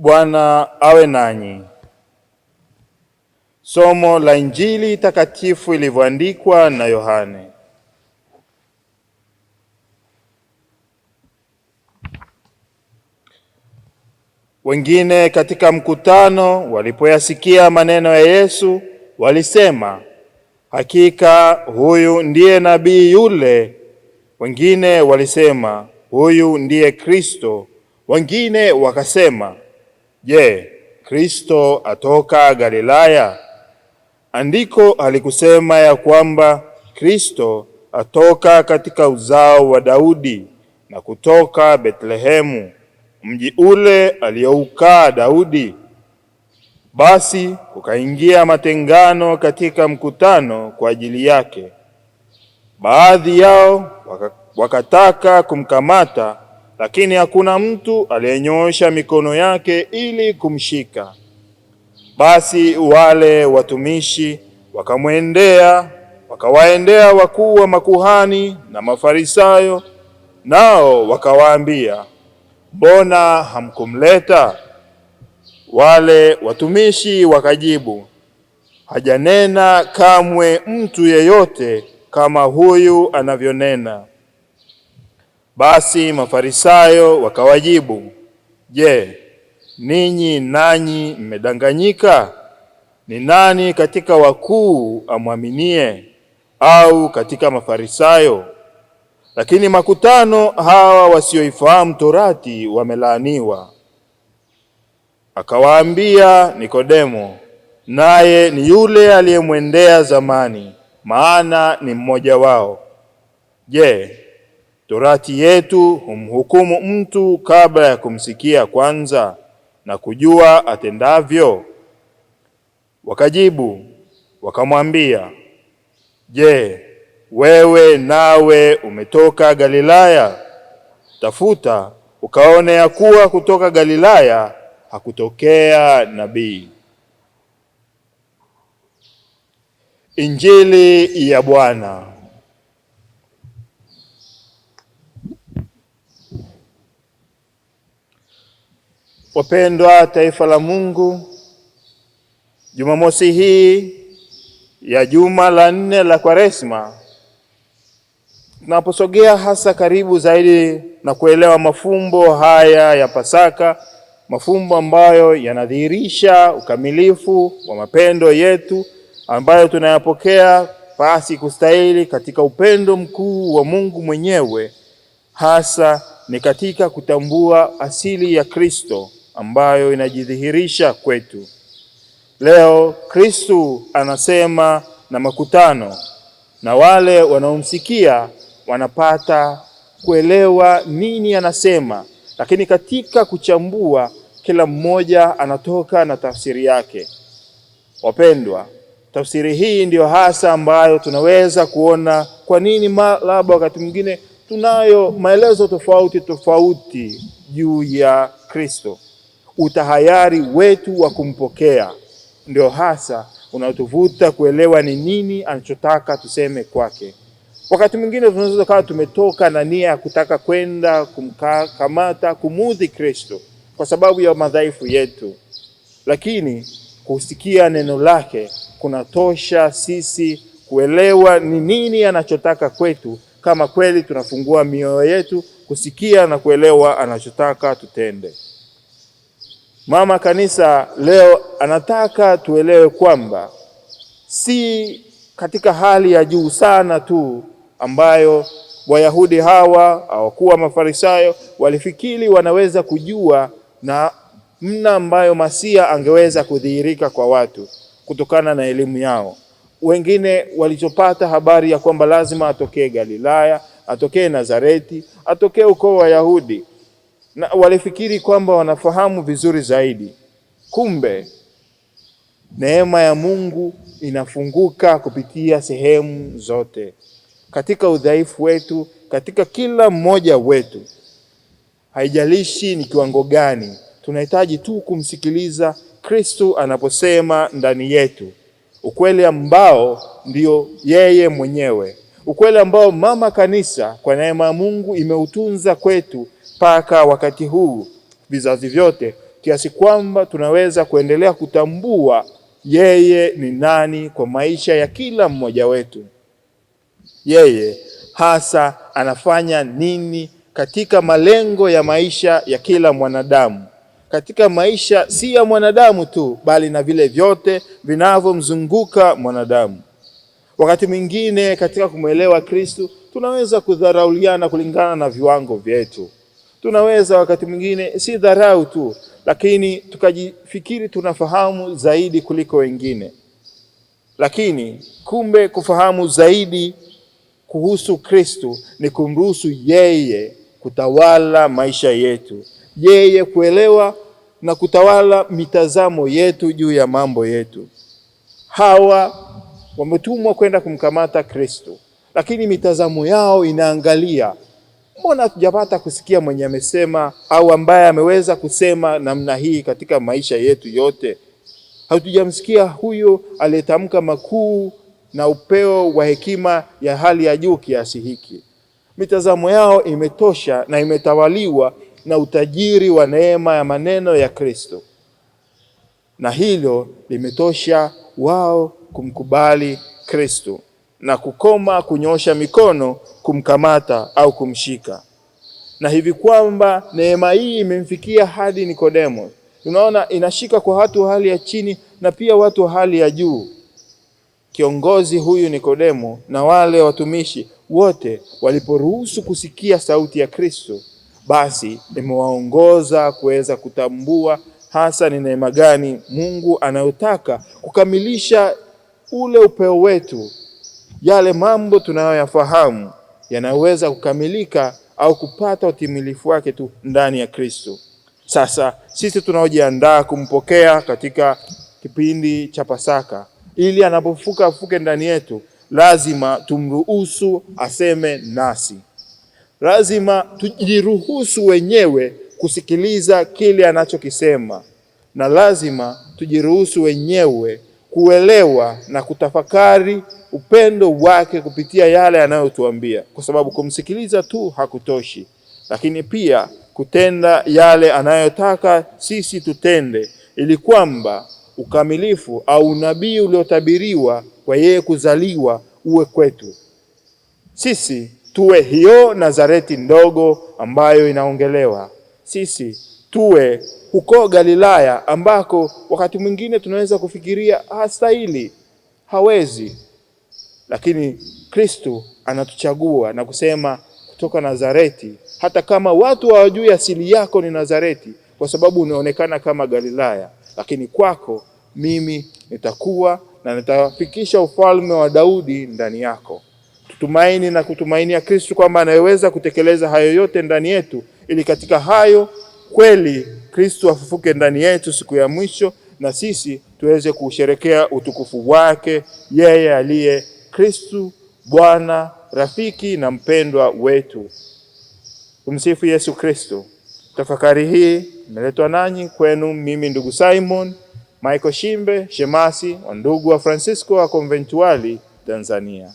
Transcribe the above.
Bwana awe nanyi. Somo la Injili takatifu ilivyoandikwa na Yohane. Wengine katika mkutano walipoyasikia maneno ya Yesu walisema, hakika huyu ndiye nabii yule. Wengine walisema, huyu ndiye Kristo. Wengine wakasema Je, Kristo atoka Galilaya? Andiko halikusema ya kwamba Kristo atoka katika uzao wa Daudi na kutoka Betlehemu, mji ule aliyoukaa Daudi? Basi kukaingia matengano katika mkutano kwa ajili yake. Baadhi yao wakataka kumkamata lakini hakuna mtu aliyenyoosha mikono yake ili kumshika. Basi wale watumishi wakamwendea, wakawaendea wakuu wa makuhani na Mafarisayo, nao wakawaambia, mbona hamkumleta? Wale watumishi wakajibu, hajanena kamwe mtu yeyote kama huyu anavyonena. Basi Mafarisayo wakawajibu, Je, ninyi nanyi mmedanganyika? Ni nani katika wakuu amwaminie, au katika Mafarisayo? Lakini makutano hawa wasioifahamu torati wamelaaniwa. Akawaambia Nikodemo, naye ni yule aliyemwendea zamani, maana ni mmoja wao. Je, Torati yetu humhukumu mtu kabla ya kumsikia kwanza na kujua atendavyo? Wakajibu wakamwambia, Je, wewe nawe umetoka Galilaya? Tafuta ukaone ya kuwa kutoka Galilaya hakutokea nabii. Injili ya Bwana. Wapendwa taifa la Mungu, Jumamosi hii ya juma la nne la Kwaresma, tunaposogea hasa karibu zaidi na kuelewa mafumbo haya ya Pasaka, mafumbo ambayo yanadhihirisha ukamilifu wa mapendo yetu ambayo tunayapokea pasi kustahili katika upendo mkuu wa Mungu mwenyewe, hasa ni katika kutambua asili ya Kristo ambayo inajidhihirisha kwetu leo. Kristu anasema na makutano, na wale wanaomsikia wanapata kuelewa nini anasema, lakini katika kuchambua, kila mmoja anatoka na tafsiri yake. Wapendwa, tafsiri hii ndiyo hasa ambayo tunaweza kuona kwa nini labda wakati mwingine tunayo maelezo tofauti tofauti juu ya Kristo utahayari wetu wa kumpokea ndio hasa unaotuvuta kuelewa ni nini anachotaka tuseme kwake. Wakati mwingine tunaweza kawa tumetoka na nia ya kutaka kwenda kumkamata, kumudhi Kristo kwa sababu ya madhaifu yetu, lakini kusikia neno lake kunatosha sisi kuelewa ni nini anachotaka kwetu, kama kweli tunafungua mioyo yetu kusikia na kuelewa anachotaka tutende. Mama Kanisa leo anataka tuelewe kwamba si katika hali ya juu sana tu ambayo Wayahudi hawa hawakuwa Mafarisayo, walifikiri wanaweza kujua na mna ambayo Masia angeweza kudhihirika kwa watu kutokana na elimu yao. Wengine walichopata habari ya kwamba lazima atokee Galilaya, atokee Nazareti, atokee ukoo wa Yahudi, na walifikiri kwamba wanafahamu vizuri zaidi. Kumbe neema ya Mungu inafunguka kupitia sehemu zote, katika udhaifu wetu, katika kila mmoja wetu. Haijalishi ni kiwango gani, tunahitaji tu kumsikiliza Kristo anaposema ndani yetu ukweli ambao ndio yeye mwenyewe, ukweli ambao mama kanisa kwa neema ya Mungu imeutunza kwetu mpaka wakati huu vizazi vyote, kiasi kwamba tunaweza kuendelea kutambua yeye ni nani kwa maisha ya kila mmoja wetu. Yeye hasa anafanya nini katika malengo ya maisha ya kila mwanadamu, katika maisha si ya mwanadamu tu, bali na vile vyote vinavyomzunguka mwanadamu. Wakati mwingine katika kumwelewa Kristu tunaweza kudharauliana kulingana na viwango vyetu tunaweza wakati mwingine si dharau tu, lakini tukajifikiri tunafahamu zaidi kuliko wengine, lakini kumbe kufahamu zaidi kuhusu Kristo ni kumruhusu yeye kutawala maisha yetu, yeye kuelewa na kutawala mitazamo yetu juu ya mambo yetu. Hawa wametumwa kwenda kumkamata Kristo, lakini mitazamo yao inaangalia mbona hatujapata kusikia mwenye amesema au ambaye ameweza kusema namna hii katika maisha yetu yote? Hatujamsikia huyo aliyetamka makuu na upeo wa hekima ya hali ya juu kiasi hiki. Mitazamo yao imetosha na imetawaliwa na utajiri wa neema ya maneno ya Kristo, na hilo limetosha wao kumkubali Kristo na kukoma kunyosha mikono kumkamata au kumshika, na hivi kwamba neema hii imemfikia hadi Nikodemo. Tunaona inashika kwa watu wa hali ya chini na pia watu wa hali ya juu. Kiongozi huyu Nikodemo na wale watumishi wote waliporuhusu kusikia sauti ya Kristo, basi imewaongoza kuweza kutambua hasa ni neema gani Mungu anayotaka kukamilisha ule upeo wetu yale mambo tunayoyafahamu yanaweza kukamilika au kupata utimilifu wake tu ndani ya Kristo. Sasa sisi tunaojiandaa kumpokea katika kipindi cha Pasaka, ili anapofuka afuke ndani yetu, lazima tumruhusu aseme nasi, lazima tujiruhusu wenyewe kusikiliza kile anachokisema, na lazima tujiruhusu wenyewe kuelewa na kutafakari upendo wake kupitia yale anayotuambia, kwa sababu kumsikiliza tu hakutoshi, lakini pia kutenda yale anayotaka sisi tutende, ili kwamba ukamilifu au unabii uliotabiriwa kwa yeye kuzaliwa uwe kwetu sisi, tuwe hiyo Nazareti ndogo ambayo inaongelewa, sisi tuwe huko Galilaya ambako wakati mwingine tunaweza kufikiria hastahili, ah, hawezi lakini Kristu anatuchagua na kusema kutoka Nazareti, hata kama watu hawajui asili yako ni Nazareti, kwa sababu unaonekana kama Galilaya, lakini kwako mimi nitakuwa na nitafikisha ufalme wa Daudi ndani yako. Tutumaini na kutumainia Kristu kwamba anayeweza kutekeleza hayo yote ndani yetu, ili katika hayo kweli Kristu afufuke ndani yetu siku ya mwisho, na sisi tuweze kusherekea utukufu wake, yeye aliye Kristu Bwana, rafiki na mpendwa wetu. Tumsifu Yesu Kristo. Tafakari hii imeletwa nanyi kwenu mimi ndugu Simon Michael Shimbe Shemasi wa ndugu wa Francisco wa conventuali Tanzania.